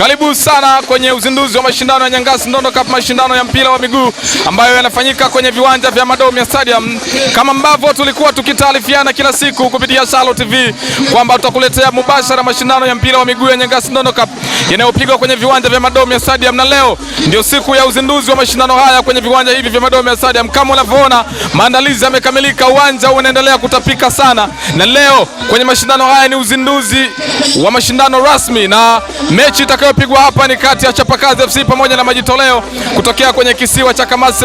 Karibu sana kwenye uzinduzi wa mashindano ya Nyangasi Ndondo Cup, mashindano ya mpira wa miguu ambayo yanafanyika kwenye viwanja vya Madomia Stadium. Kama ambavyo tulikuwa tukitaarifiana kila siku kupitia Shalo TV kwamba tutakuletea mubashara mashindano ya mpira wa miguu ya Nyangasi Ndondo Cup yanayopigwa kwenye viwanja vya Madomia Stadium, na leo ndio siku ya uzinduzi wa mashindano haya kwenye viwanja hivi vya Madomia Stadium. Kama unavyoona, maandalizi yamekamilika, uwanja unaendelea kutapika sana, na leo kwenye mashindano haya ni uzinduzi wa mashindano rasmi na mechi itakayo inayopigwa hapa ni kati ya Chapakazi FC pamoja na Majitoleo kutokea kwenye kisiwa cha Kamasi.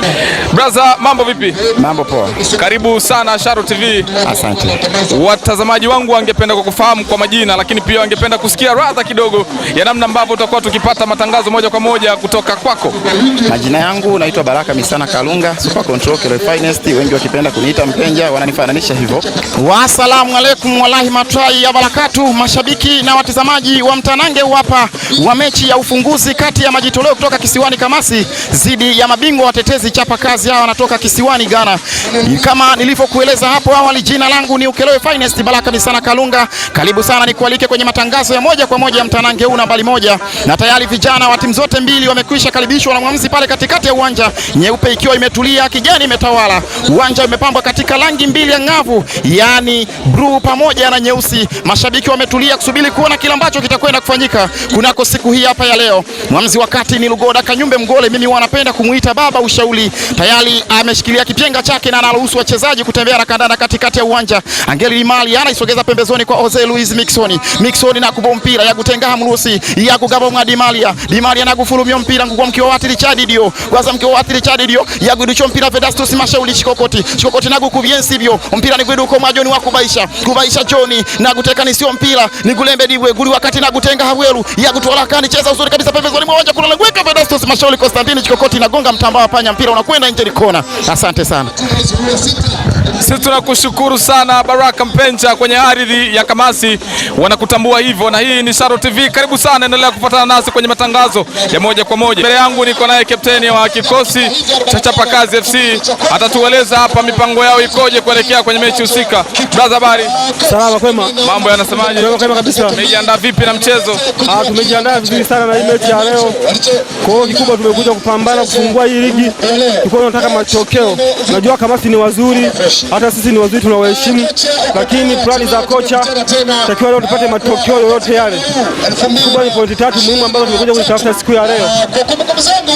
Brother, mambo vipi? Mambo poa. Karibu sana Sharo TV. Asante. Watazamaji wangu wangependa kukufahamu kwa majina, lakini pia wangependa kusikia radha kidogo ya namna ambavyo tutakuwa tukipata matangazo moja kwa moja kutoka kwako. Majina yangu naitwa Baraka Misana Kalunga, Super Control Kilo Finest, wengi wakipenda kuniita Mpenja, wananifananisha hivyo. Wa Wasalamu alaykum walahi matrai ya barakatu, mashabiki na watazamaji wa mtanange hapa wa mechi ya ufunguzi kati ya majitoleo kutoka kisiwani Kamasi dhidi ya mabingwa watetezi chapa kazi. Hawa wanatoka kisiwani Ghana. Kama nilivyokueleza hapo awali, jina langu ni Ukelewe Finest Baraka Misana Kalunga. Karibu sana, nikualike kwenye matangazo ya moja kwa moja ya mtanange huu nambari moja, na tayari vijana wa timu zote mbili wamekwisha karibishwa na mwamuzi pale katikati ya uwanja, nyeupe ikiwa imetulia, kijani imetawala. Uwanja umepambwa katika rangi mbili ya ng'avu, yani bluu pamoja na nyeusi. Mashabiki wametulia kusubiri kuona kile ambacho kitakwenda kufanyika kunako siku siku hii hapa ya leo. Mwamuzi wakati ni Lugoda Kanyumbe Mgole, mimi wanapenda kumuita baba ushauri. Tayari ameshikilia kipenga chake na anaruhusu wachezaji kutembea na kandanda katikati ya uwanja. Angeli Limali anaisogeza pembezoni kwa Jose Luis Mixon. Mixon na kubo mpira ya kutenga mrusi ya kugaba mwa Dimalia. Dimalia na anagufurumia mpira ngukwa mkiwa wati Richard Dio. Kwanza mkiwa wati Richard Dio ya kuducho mpira Vedastus Mashauri Chikokoti. Chikokoti na kubiensi hivyo. Mpira ni kuiduko majoni wa kubaisha. Kubaisha Joni na kuteka ni sio mpira. Ni gulembe diwe guli wakati na kutenga Hawelu ya kutola kanicheza uzuri kabisa pembezoni mwa uwanja kuna lengweka Vedastus Mashauri Konstantini chikokoti inagonga mtambaa panya, mpira unakwenda nje, ni kona. Asante sana. Sisi tunakushukuru sana Baraka Mpenja kwenye ardhi ya Kamasi, wanakutambua hivyo, na hii ni Sharo TV. Karibu sana, endelea kufuatana nasi kwenye matangazo ya moja kwa moja. Mbele yangu niko naye kapteni wa kikosi cha Chapakazi FC, atatueleza hapa mipango yao ikoje kuelekea kwenye mechi husika. Brother, habari? Salama, kwema. Mambo yanasemaje? Kwema kabisa. Umejiandaa vipi na mchezo? Ah, tumejiandaa vizuri sana na hii mechi ya leo. Kwa hiyo kikubwa tumekuja kupambana kufungua hii ligi, tulikuwa tunataka matokeo. Najua Kamasi ni wazuri hata sisi ni waziri tunawaheshimu, lakini plani za kocha takiwa leo tupate matokeo yoyote yale. Kubwa ni pointi tatu muhimu ambazo tumekuja kuzitafuta siku ya leo.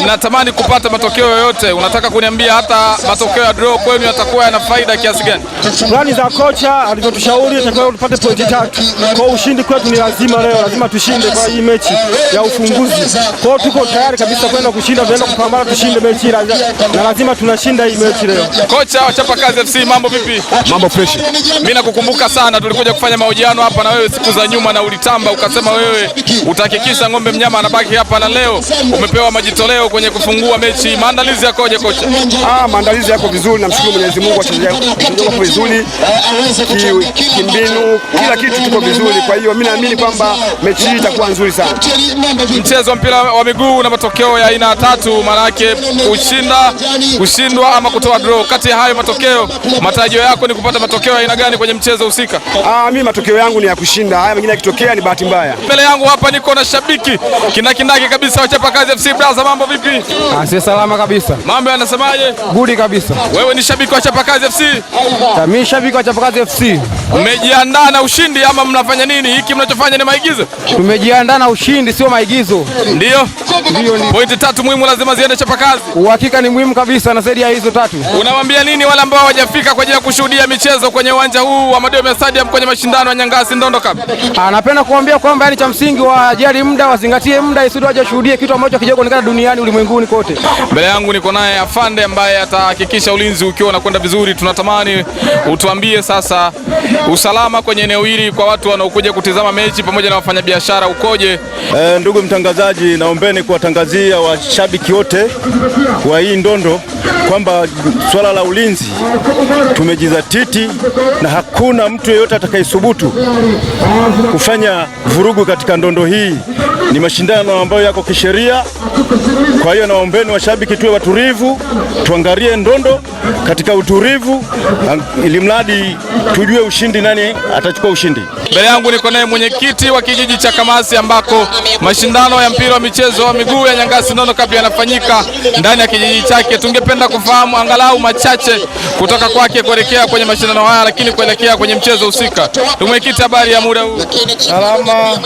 Natamani kupata matokeo yoyote. Unataka kuniambia hata matokeo ya draw kwenu yatakuwa yana faida kiasi gani? Plani za kocha alivyotushauri, takiwa leo tupate pointi tatu. Kwa ushindi kwetu ni lazima leo, lazima tushinde kwa hii mechi ya ufunguzi. Kwa tuko tayari kabisa kwenda kushinda, tunaenda kupambana, tushinde mechi na lazima tunashinda hii mechi leo. Kocha wa Chapa Kazi FC mambo vipi? Mambo fresh. Mimi nakukumbuka sana, tulikuja kufanya mahojiano hapa na wewe siku za nyuma, na ulitamba ukasema wewe utahakikisha ng'ombe mnyama anabaki hapa, na leo umepewa majitoleo kwenye kufungua mechi. Maandalizi yakoje kocha? Ah, maandalizi yako vizuri, namshukuru Mwenyezi Mungu, wachezaji wako vizuri, kimbinu, kila kitu tuko vizuri. Kwa hiyo mimi naamini kwamba mechi hii itakuwa nzuri sana. Mchezo mpira wa miguu na matokeo ya aina tatu, maana yake kushinda, kushindwa ama kutoa draw. Kati ya hayo matokeo Matarajio yako ni kupata matokeo aina gani kwenye mchezo husika? Ah, mimi matokeo yangu ni ya kushinda, haya mengine yakitokea ni bahati mbaya. Mbele yangu hapa niko na shabiki kindakindaki kabisa wachapa kazi FC Brazza, mambo vipi? Ah, si salama kabisa. Mambo yanasemaje? Gudi kabisa. Wewe ni shabiki wa chapa kazi FC? Ah, mimi shabiki wa chapa kazi FC. Mmejiandaa na ushindi ama mnafanya nini? Hiki mnachofanya ni maigizo? Tumejiandaa na ushindi, sio maigizo. Ndio? Ndio. Pointi tatu muhimu lazima ziende chapa kazi. Uhakika ni muhimu kabisa na zaidi ya hizo tatu. Unawaambia nini wale ambao hawajafika umefika kwa ajili ya kushuhudia michezo kwenye uwanja huu wa Dome Stadium kwenye mashindano ya Nyangasi Ndondo Cup? Ah, napenda kuambia kwamba yani cha msingi wajali muda, wazingatie muda isudi waje washuhudie kitu ambacho hakijaonekana duniani ulimwenguni kote. Mbele yangu niko naye Afande ambaye atahakikisha ulinzi ukiwa unakwenda vizuri. Tunatamani utuambie sasa usalama kwenye eneo hili kwa watu wanaokuja kutizama mechi pamoja na wafanyabiashara ukoje? E, ndugu mtangazaji, naombeni kuwatangazia washabiki wote wa hii ndondo kwamba swala la ulinzi tumejizatiti na hakuna mtu yeyote atakayesubutu kufanya vurugu katika ndondo hii. Ni mashindano ambayo yako kisheria. Kwa hiyo naombeni washabiki, tuwe watulivu, tuangalie ndondo katika utulivu, ili mradi tujue ushindi, nani atachukua ushindi. Mbele yangu niko naye mwenyekiti wa kijiji cha Kamasi ambako mashindano ya mpira wa michezo wa miguu ya Nyangasi Nono Cup yanafanyika ndani ya kijiji chake. Tungependa kufahamu angalau machache kutoka kwake kuelekea kwenye mashindano haya, lakini kuelekea kwenye mchezo husika. Mwenyekiti, habari ya muda huu? Salama.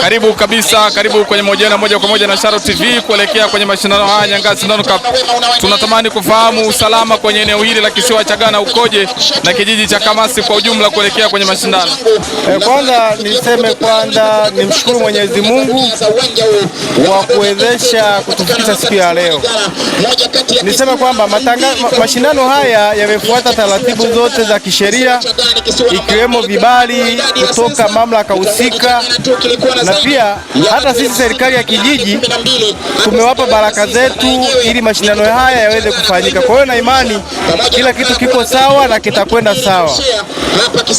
Karibu kabisa, karibu kwenye mahojiano moja kwa moja na Sharo TV kuelekea kwenye mashindano haya Nyangasi Nono Cup. Tunatamani kufahamu usalama kwenye eneo hili la kisiwa cha Ghana ukoje na kijiji cha Kamasi kwa ujumla kuelekea kwenye mashindano. Eh, kwanza niseme kwanza nimshukuru Mwenyezi Mungu wa kuwezesha kutufikisha siku ya leo. Niseme kwamba mashindano haya yamefuata taratibu zote za kisheria ikiwemo vibali kutoka mamlaka husika, na pia hata sisi serikali ya kijiji tumewapa baraka zetu ili mashindano haya yaweze kufanyika. Kwa hiyo na imani kila kitu kiko sawa na kitakwenda sawa.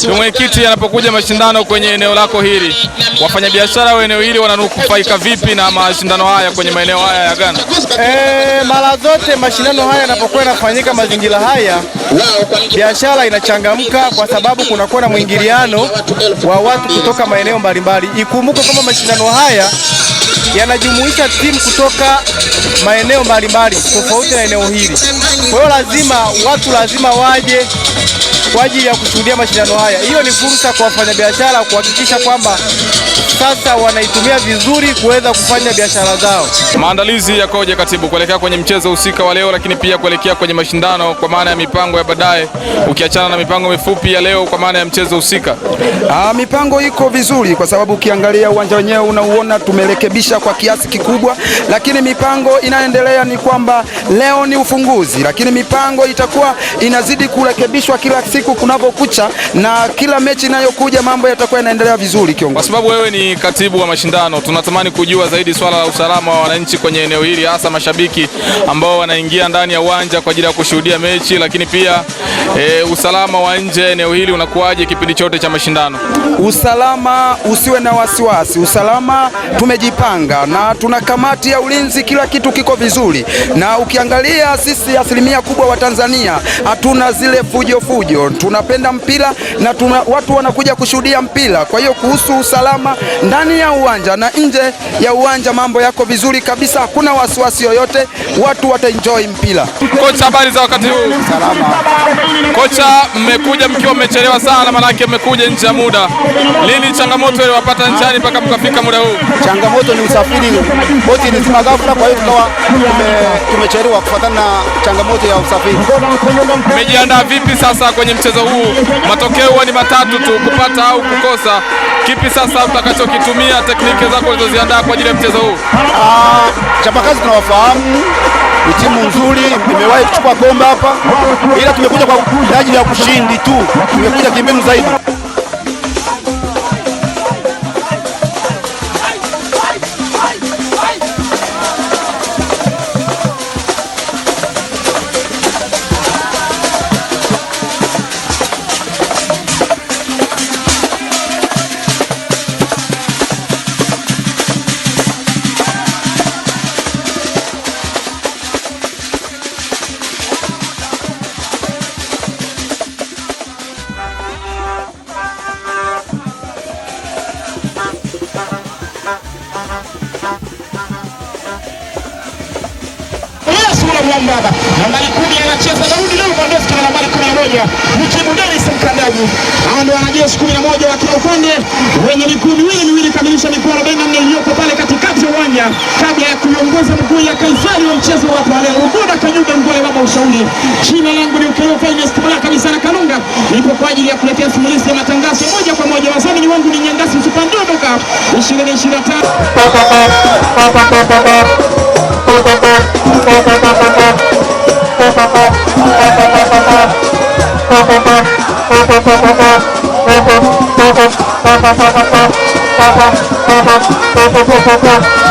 Mwenyekiti anapokuja mashindano kwenye eneo lako hili, wafanyabiashara wa eneo hili wananufaika vipi na mashindano haya kwenye maeneo haya ya Ghana? E, mara zote mashindano haya yanapokuwa yanafanyika mazingira haya, biashara inachangamka kwa sababu kunakuwa na mwingiliano wa watu kutoka maeneo mbalimbali. Ikumbuke kwamba mashindano haya yanajumuisha timu kutoka maeneo mbalimbali tofauti na eneo hili, kwa hiyo lazima watu lazima waje kwa ajili ya kushuhudia mashindano haya. Hiyo ni fursa kwa wafanyabiashara kuhakikisha kwamba sasa wanaitumia vizuri kuweza kufanya biashara zao. Maandalizi yakoje, katibu, kuelekea kwenye mchezo husika wa leo, lakini pia kuelekea kwenye mashindano kwa maana ya mipango ya baadaye, ukiachana na mipango mifupi ya leo kwa maana ya mchezo husika? Ah, mipango iko vizuri kwa sababu ukiangalia uwanja wenyewe unauona, tumerekebisha kwa kiasi kikubwa, lakini mipango inaendelea ni kwamba leo ni ufunguzi, lakini mipango itakuwa inazidi kurekebishwa kila siku siku kunapokucha na kila mechi inayokuja mambo yatakuwa yanaendelea vizuri kiongozi. Kwa sababu wewe ni katibu wa mashindano, tunatamani kujua zaidi swala la usalama wa wananchi kwenye eneo hili, hasa mashabiki ambao wanaingia ndani ya uwanja kwa ajili ya kushuhudia mechi, lakini pia e, usalama wa nje eneo hili unakuwaje kipindi chote cha mashindano? Usalama usiwe na wasiwasi, usalama tumejipanga na tuna kamati ya ulinzi, kila kitu kiko vizuri, na ukiangalia sisi asilimia kubwa wa Tanzania hatuna zile fujo fujo tunapenda mpira na tuna, watu wanakuja kushuhudia mpira. Kwa hiyo kuhusu usalama ndani ya uwanja na nje ya uwanja mambo yako vizuri kabisa, hakuna wasiwasi yoyote, watu wataenjoy mpira. Kocha, habari za wakati huu? Salama. Kocha, mmekuja mkiwa mmechelewa sana, maanake mmekuja nje ya muda. Lini changamoto iliwapata njiani mpaka mkafika muda huu? Changamoto ni usafiri, boti ilizima ghafla, kwa hiyo tukawa tumechelewa kufuatana na changamoto ya usafiri. Mmejiandaa vipi sasa kwenye mchezo huu, matokeo huwa ni matatu tu, kupata au kukosa. Kipi sasa mtakachokitumia, tekniki zako ulizoziandaa kwa ajili ya mchezo huu? Uh, ah, chapakazi tunawafahamu ni timu nzuri, imewahi kuchukua kombe hapa, ila tumekuja kwa ajili ya kushindi tu, tumekuja kimbinu zaidi. Imani iliyopo pale katikati ya uwanja kabla ya kuiongoza mguu ya Kaisari wa mchezo wa hapa leo. Ugoda Kanyuga Mgole baba ushauri. Jina langu ni Ukeo Finest kabisa na Kalunga. Nipo kwa ajili ya kuletea simulizi ya matangazo moja kwa moja. Wasanii wangu ni Nyangasi Super Ndodo Cup 2025. 快快快快快！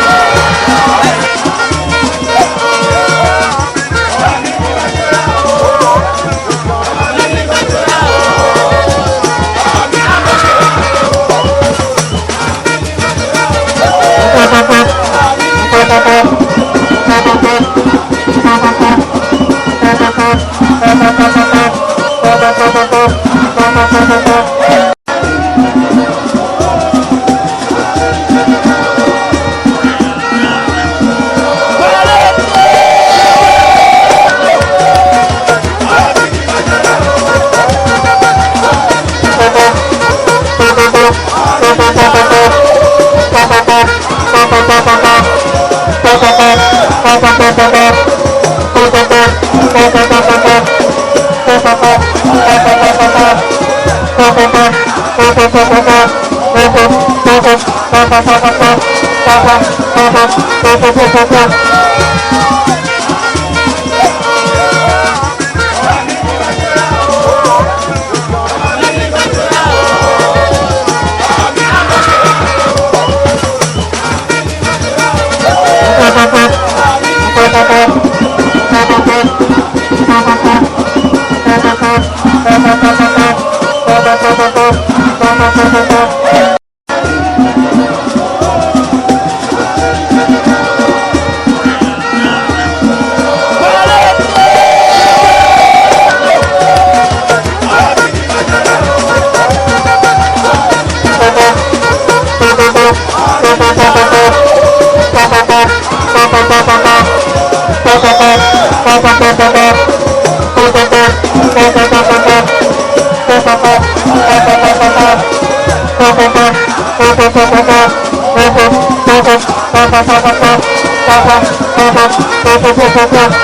Thank you. Thank you.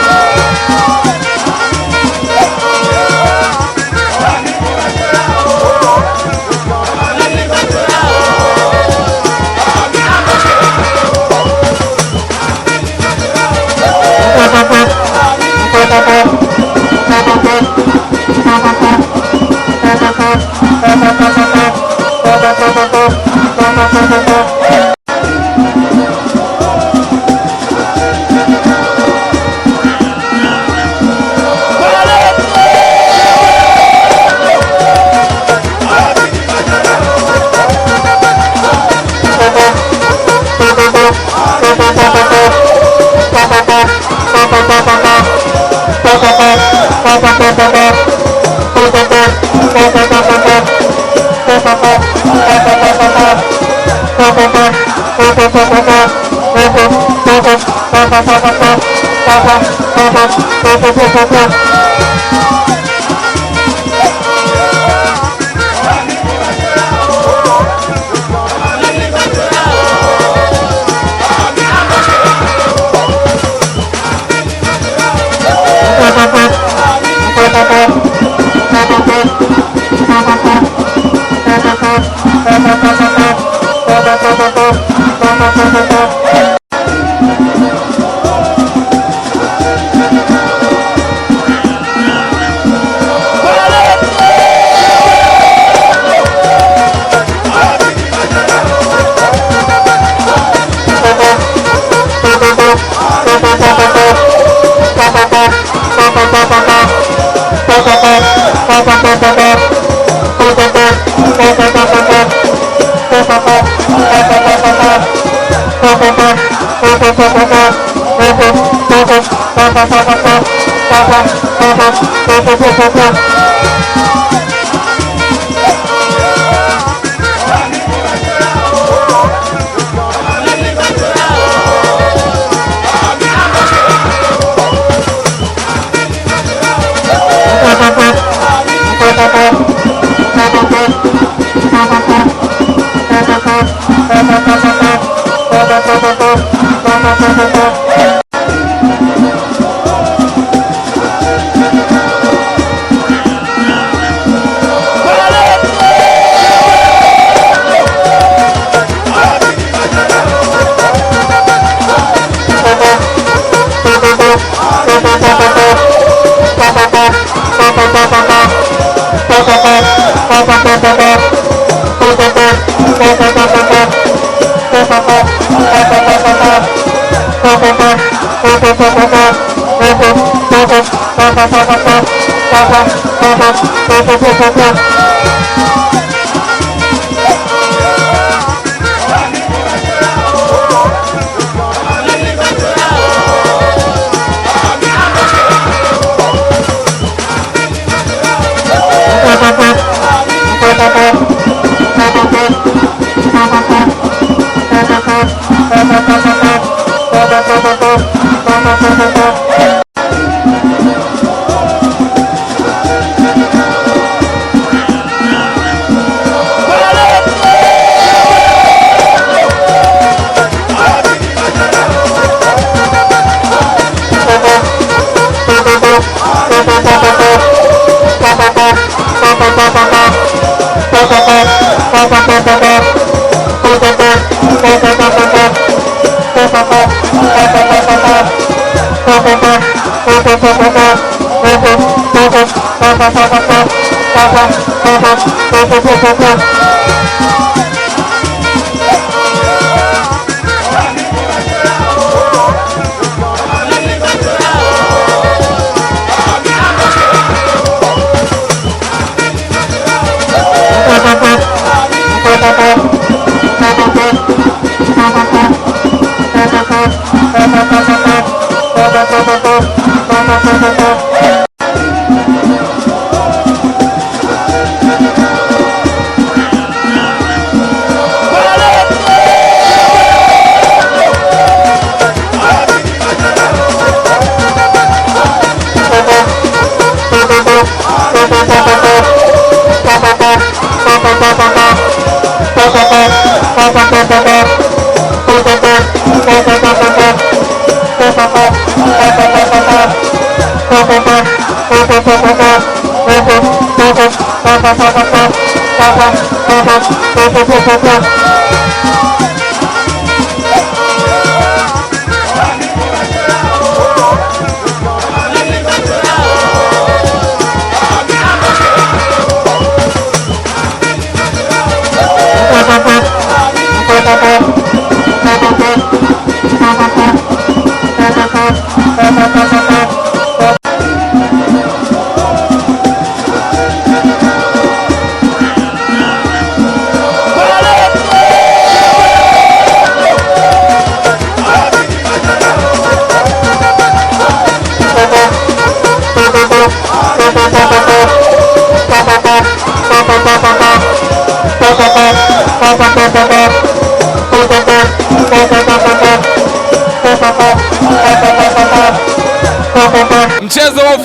พอพอพอพอพอพอพอพอพอพอพอ Thank you. 走走走 Thank you.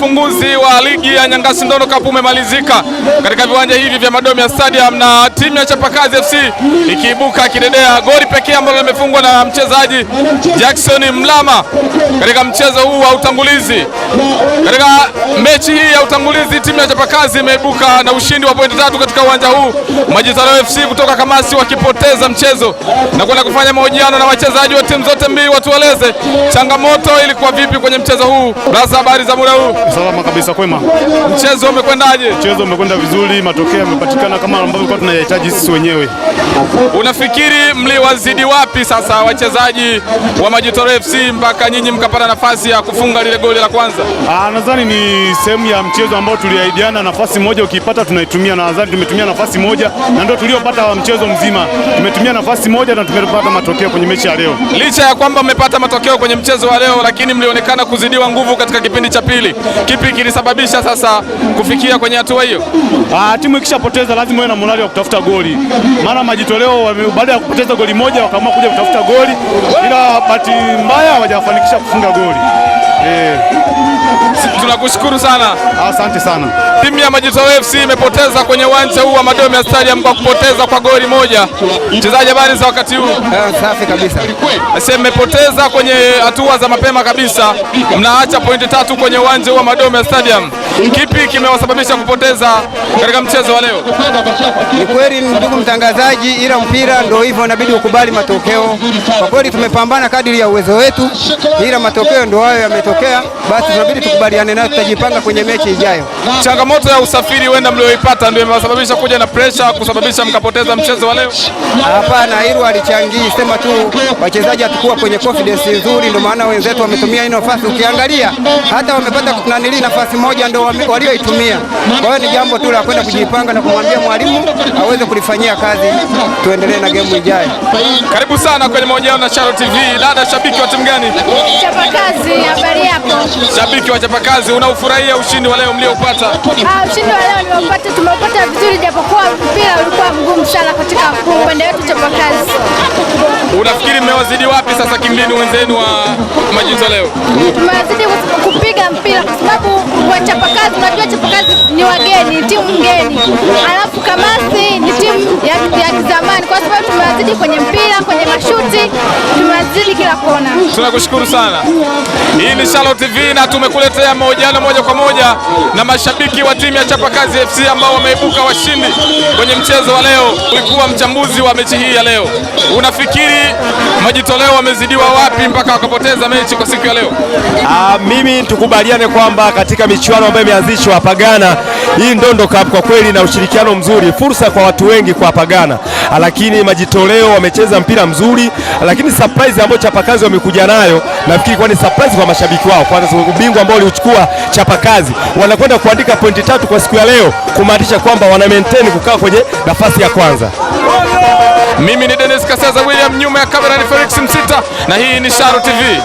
funguzi ya Nyangasi Ndono Cup umemalizika katika viwanja hivi vya Madomi Stadium, na timu ya Chapakazi FC ikiibuka kidedea. Goli pekee ambalo limefungwa na mchezaji Jackson Mlama katika mchezo huu wa utangulizi. Katika mechi hii ya utangulizi, timu ya Chapakazi imeibuka na ushindi wa pointi tatu katika uwanja huu, Majizarao FC kutoka Kamasi wakipoteza mchezo na kwenda kufanya mahojiano na wachezaji wa timu zote mbili, watueleze changamoto ilikuwa vipi kwenye mchezo huu. Rasa, habari za muda huu? Salama kabisa, kwema. Mchezo umekwendaje? Mchezo umekwenda vizuri, matokeo yamepatikana kama ambavyo kwa tunayahitaji sisi wenyewe. Unafikiri mliwazidi wapi sasa wachezaji wa Majitoleo FC mpaka nyinyi mkapata nafasi ya kufunga lile goli la kwanza? Ah, nadhani ni sehemu ya mchezo ambao tuliahidiana, nafasi moja ukiipata tunaitumia, na nadhani tumetumia nafasi moja na ndio tuliopata wa mchezo mzima. Tumetumia nafasi moja na tumepata matokeo kwenye mechi ya leo. Licha ya kwamba mmepata matokeo kwenye mchezo wa leo, lakini mlionekana kuzidiwa nguvu katika kipindi cha pili. Kipi kilisababisha sasa sasa kufikia kwenye hatua hiyo? Ah, timu ikishapoteza lazima iwe na morali ya kutafuta goli, maana majitoleo baada ya kupoteza goli moja wakaamua kuja kutafuta goli, ila bahati mbaya hawajafanikisha kufunga goli. Eh, tunakushukuru sana, asante sana. Timu ya Majitoleo FC imepoteza kwenye uwanja huu wa Madome Stadium kwa kupoteza kwa goli moja. Mchezaji, habari za wakati huu? Eh, safi kabisa. Sasa mmepoteza kwenye hatua za mapema kabisa, mnaacha pointi tatu kwenye uwanja huu wa Madome Stadium. Kipi kimewasababisha kupoteza katika mchezo wa leo? Ni kweli ndugu mtangazaji, ila mpira ndio hivyo, inabidi ukubali matokeo. Kwa kweli tumepambana kadiri ya uwezo wetu, ila matokeo ndio hayo yametokea, basi tunabidi tukubaliane nayo, tutajipanga kwenye mechi ijayo. Changamoto ya usafiri wenda mlioipata ndio imewasababisha kuja na pressure kusababisha mkapoteza mchezo wa leo? Hapana, hilo alichangii, sema tu wachezaji hatakuwa kwenye confidence nzuri, ndio maana wenzetu wametumia hii nafasi. Ukiangalia hata wamepata nafasi moja ndio wame walioitumia. Kwa hiyo ni jambo tu la kwenda kujipanga na kumwambia mwalimu aweze kulifanyia kazi, tuendelee na game ijayo. Karibu sana kwenye mahojiano na Shalo TV. Dada, shabiki wa timu gani? Chapa kazi, habari yako? Shabiki wa chapa kazi, unaufurahia ushindi wa leo mlioupata? Ah, ushindi wa leo niliopata, tumeupata vizuri, japokuwa mpira ulikuwa mgumu sana katika upande wetu chapa kazi. Unafikiri mmewazidi wapi sasa kimbinu wenzenu wa majuzi leo? Tumewazidi kupiga mpira kwa sababu kazi Chapakazi, unajua Chapakazi ni wageni, timu mgeni, alafu Kamasi ni timu ya, ya kizamani, kwa sababu tumewazidi kwenye mpira, kwenye mashuti, tumewazidi kila kona. Tunakushukuru sana. Hii ni Shalo TV na tumekuletea mahojiano moja kwa moja na mashabiki wa timu ya Chapakazi FC ambao wameibuka washindi kwenye mchezo wa leo. Ulikuwa mchambuzi wa mechi hii ya leo, unafikiri majitoleo wamezidiwa wapi mpaka wakapoteza mechi kwa siku ya leo? Aa, ah, mimi tukubaliane kwamba katika michuano ambayo ilianzishwa hapa Ghana. Hii Ndondo Cup kwa kweli na ushirikiano mzuri, fursa kwa watu wengi kwa hapa Ghana, lakini majitoleo wamecheza mpira mzuri, lakini surprise ambayo Chapakazi wamekuja nayo nafikiri kwa ni surprise kwa mashabiki wao, kwa ubingwa ambao waliuchukua Chapakazi wanakwenda kuandika pointi tatu kwa siku ya leo, kumaanisha kwamba wana maintain kukaa kwenye nafasi ya kwanza. Mimi ni Dennis Kasaza William, nyuma ya kamera ni Felix Msita na hii ni Sharo TV.